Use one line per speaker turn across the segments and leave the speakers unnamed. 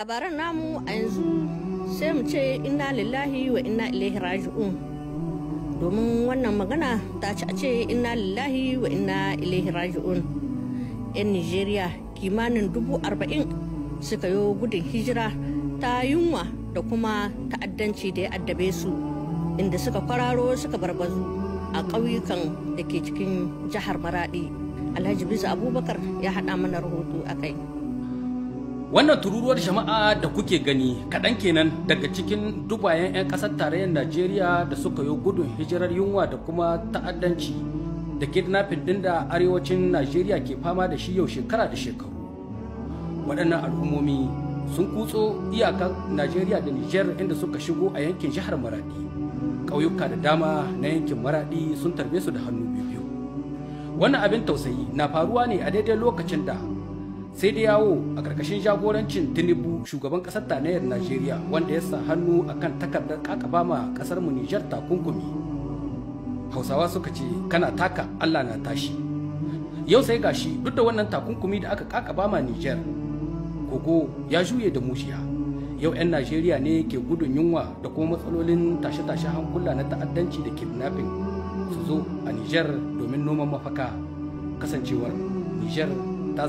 labaran namu a yanzu sai mu ce inna lillahi wa inna ilaihi raji'un domin wannan magana ta ci a ce inna lillahi wa inna ilaihi raji'un yan nigeria kimanin dubu arba'in suka yi gudun hijira ta yunwa da kuma ta'addanci da ya addabe su inda suka kwararo suka barbazu a ƙauyukan da ke cikin jihar Maraɗi. alhaji bisu abubakar ya haɗa mana rahoto a kai wannan tururuwar jama'a da kuke gani kaɗan kenan daga cikin dubayen 'yan ƙasar tarayyar najeriya da suka yi gudun hijirar yunwa da kuma ta'addanci da kidnapping ɗin da arewacin najeriya ke fama da shi yau shekara da shekaru waɗannan al'ummomi sun kutso iyakar najeriya da niger inda suka shigo a yankin jihar maradi ƙauyuka da dama na yankin maradi sun tarbe su da hannu biyu wannan abin tausayi na faruwa ne a daidai lokacin da sai da yawo a karkashin jagorancin tinubu shugaban ƙasar tarayyar najeriya wanda ya sa hannu a kan takardar kakaba ma kasar mu nijar takunkumi hausawa suka ce kana taka allah na tashi yau sai gashi duk da wannan takunkumi da aka kakaba ma nijar kogo ya juye da mujiya yau 'yan najeriya ne ke gudun yunwa da kuma matsalolin tashe-tashe hankula na ta'addanci da kidnapping su zo a nijar domin noman mafaka kasancewar nijar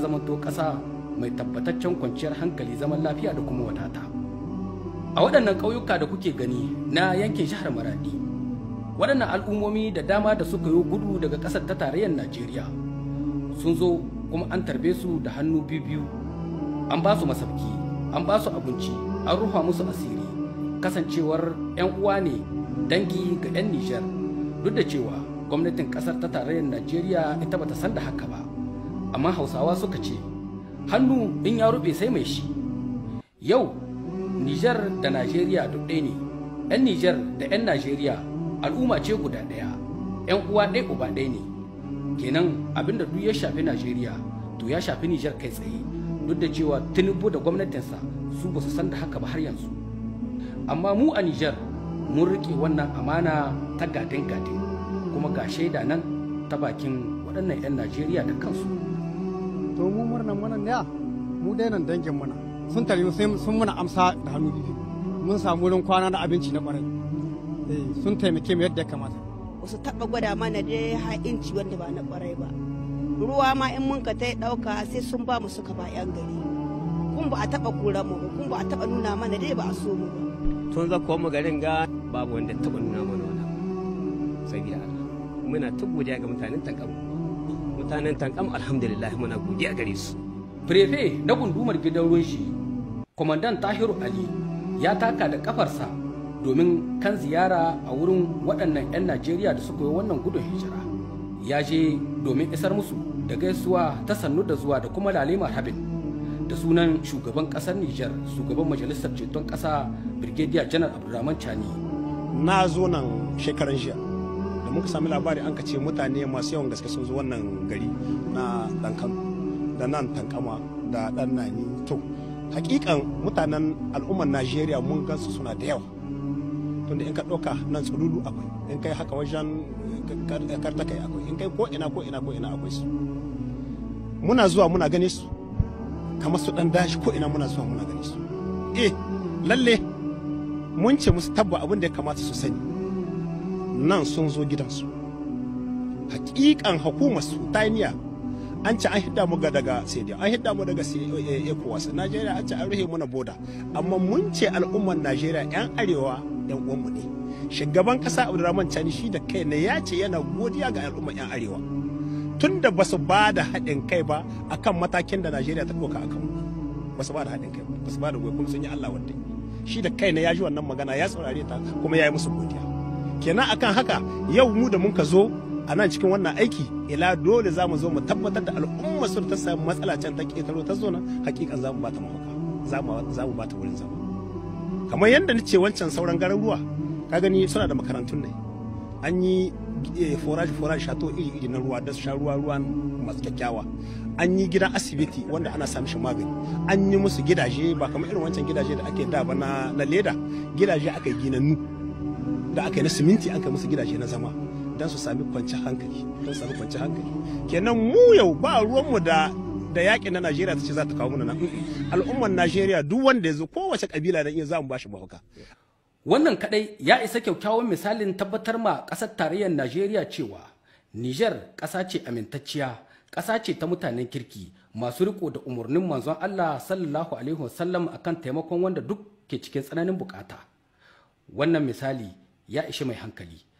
ta to ƙasa mai tabbataccen kwanciyar hankali zaman lafiya da kuma wadata a waɗannan ƙauyuka da kuke gani na yankin jihar maradi waɗannan al'ummomi da dama da suka yi gudu daga ƙasar ta tarayyar najeriya sun zo kuma an tarbe su da hannu biyu biyu an ba su an ba su abinci an ruha musu asiri kasancewar 'yan uwa ne dangi ga 'yan nijar duk da cewa gwamnatin ƙasar ta tarayyar najeriya ita bata san da haka ba amma hausawa suka ce hannu in ya rufe sai mai shi yau nijar da najeriya duk ɗaya ne 'yan nijar da 'yan najeriya al'umma ce guda ɗaya 'yan uwa ɗaya uba ɗaya ne kenan abinda duk ya shafi najeriya to ya shafi nijar kai tsaye duk da cewa tinubu da gwamnatinsa su ba su san da haka ba har yanzu amma mu a nijar mun rike wannan amana ta gadin gadin kuma ga shaida nan ta bakin waɗannan 'yan najeriya da kansu to mu murnan mana ne mu dai nan dangin muna sun tare sun muna amsa da hannu biyu mun samu wurin kwana na abinci na kwarai eh, sun
taimake mu yadda ya kamata
wasu taba gwada mana dai ha'inci wanda ba na kwarai ba ruwa ma in mun ka ta dauka sai sun ba mu suka ba yan gari kun ba a taba kura mu ba kun ba a taba nuna mana dai ba a so mu ba tun za mu garin ga babu wanda taba nuna mana wani sabiya muna tubbu da ga mutanen tankamu mutanen tankam alhamdulillah muna godiya gare su prefe na gundumar gidan ruwan shi kwamandan tahiru ali ya taka da kafarsa domin kan ziyara a wurin waɗannan 'yan najeriya da suka yi wannan gudun hijira ya je domin isar musu da gaisuwa ta sannu da zuwa da kuma lalima habin da sunan shugaban ƙasar nijar
shugaban majalisar ceton ƙasa brigadier janar abdulrahman chani na zo nan shekaran jiya da muka sami labari an ka ce mutane masu yawan gaske sun zo wannan gari na dankan da nan tankama da dan nani to hakikan mutanen al'ummar najeriya mun gansu suna da yawa tunda in ka ɗauka nan tsululu akwai in kai haka wajen karta kai akwai in kai ko ina ko ina ko ina akwai su muna zuwa muna gani su kamar su dan dashi ko ina muna zuwa muna gani su eh lalle mun ce musu tabba abin da ya kamata su sani nan sun zo gidansu hakikan hukumar sudaniya an ce an hidda mu daga sai an hidda mu daga ecowas najeriya an ci an rufe muna boda amma mun ce al'ummar najeriya yan arewa yan uwanmu ne shugaban kasa abdurrahman chani shi da kai ne ya ce yana godiya ga al'ummar yan arewa tun da ba su ba da haɗin kai ba akan matakin da najeriya ta ɗauka akan ba su ba da haɗin kai ba su ba da goyi kuma sun yi allah wanda shi da kai ne ya ji wannan magana ya saurare ta kuma ya yi musu godiya kenan akan haka yau mu da mun ka zo a nan cikin wannan aiki ila dole za mu zo mu tabbatar da al'umma sun ta samu matsala can ta ƙetaro ta zo nan hakikan za mu ba ta mafaka za mu ba ta wurin zama kamar yadda ni ce wancan sauran garuruwa ka gani suna da makarantun ne an yi eh, forage forage shato iri iri na ruwa da sha ruwa ruwan masu kyakkyawa an yi gidan asibiti wanda ana sami shi magani an yi musu gidaje ba kamar irin wancan gidaje da ake da ba na leda gidaje aka yi ginannu da aka yi na siminti an kai musu gidaje na zama don su sami kwanci hankali don sami kwanci hankali kenan mu yau ba ruwanmu da da yakin na Najeriya ta ce za ta kawo mana nan al'ummar Najeriya duk wanda ya zo kowace kabila da iya za mu bashi mafuka wannan kadai ya isa kyakkyawan misalin
tabbatar ma kasar tarayyar Najeriya cewa Niger kasa ce amintacciya kasa ce ta mutanen kirki masu riko da umarnin manzon Allah sallallahu alaihi wasallam akan taimakon wanda duk ke cikin tsananin bukata wannan misali ya ishi mai hankali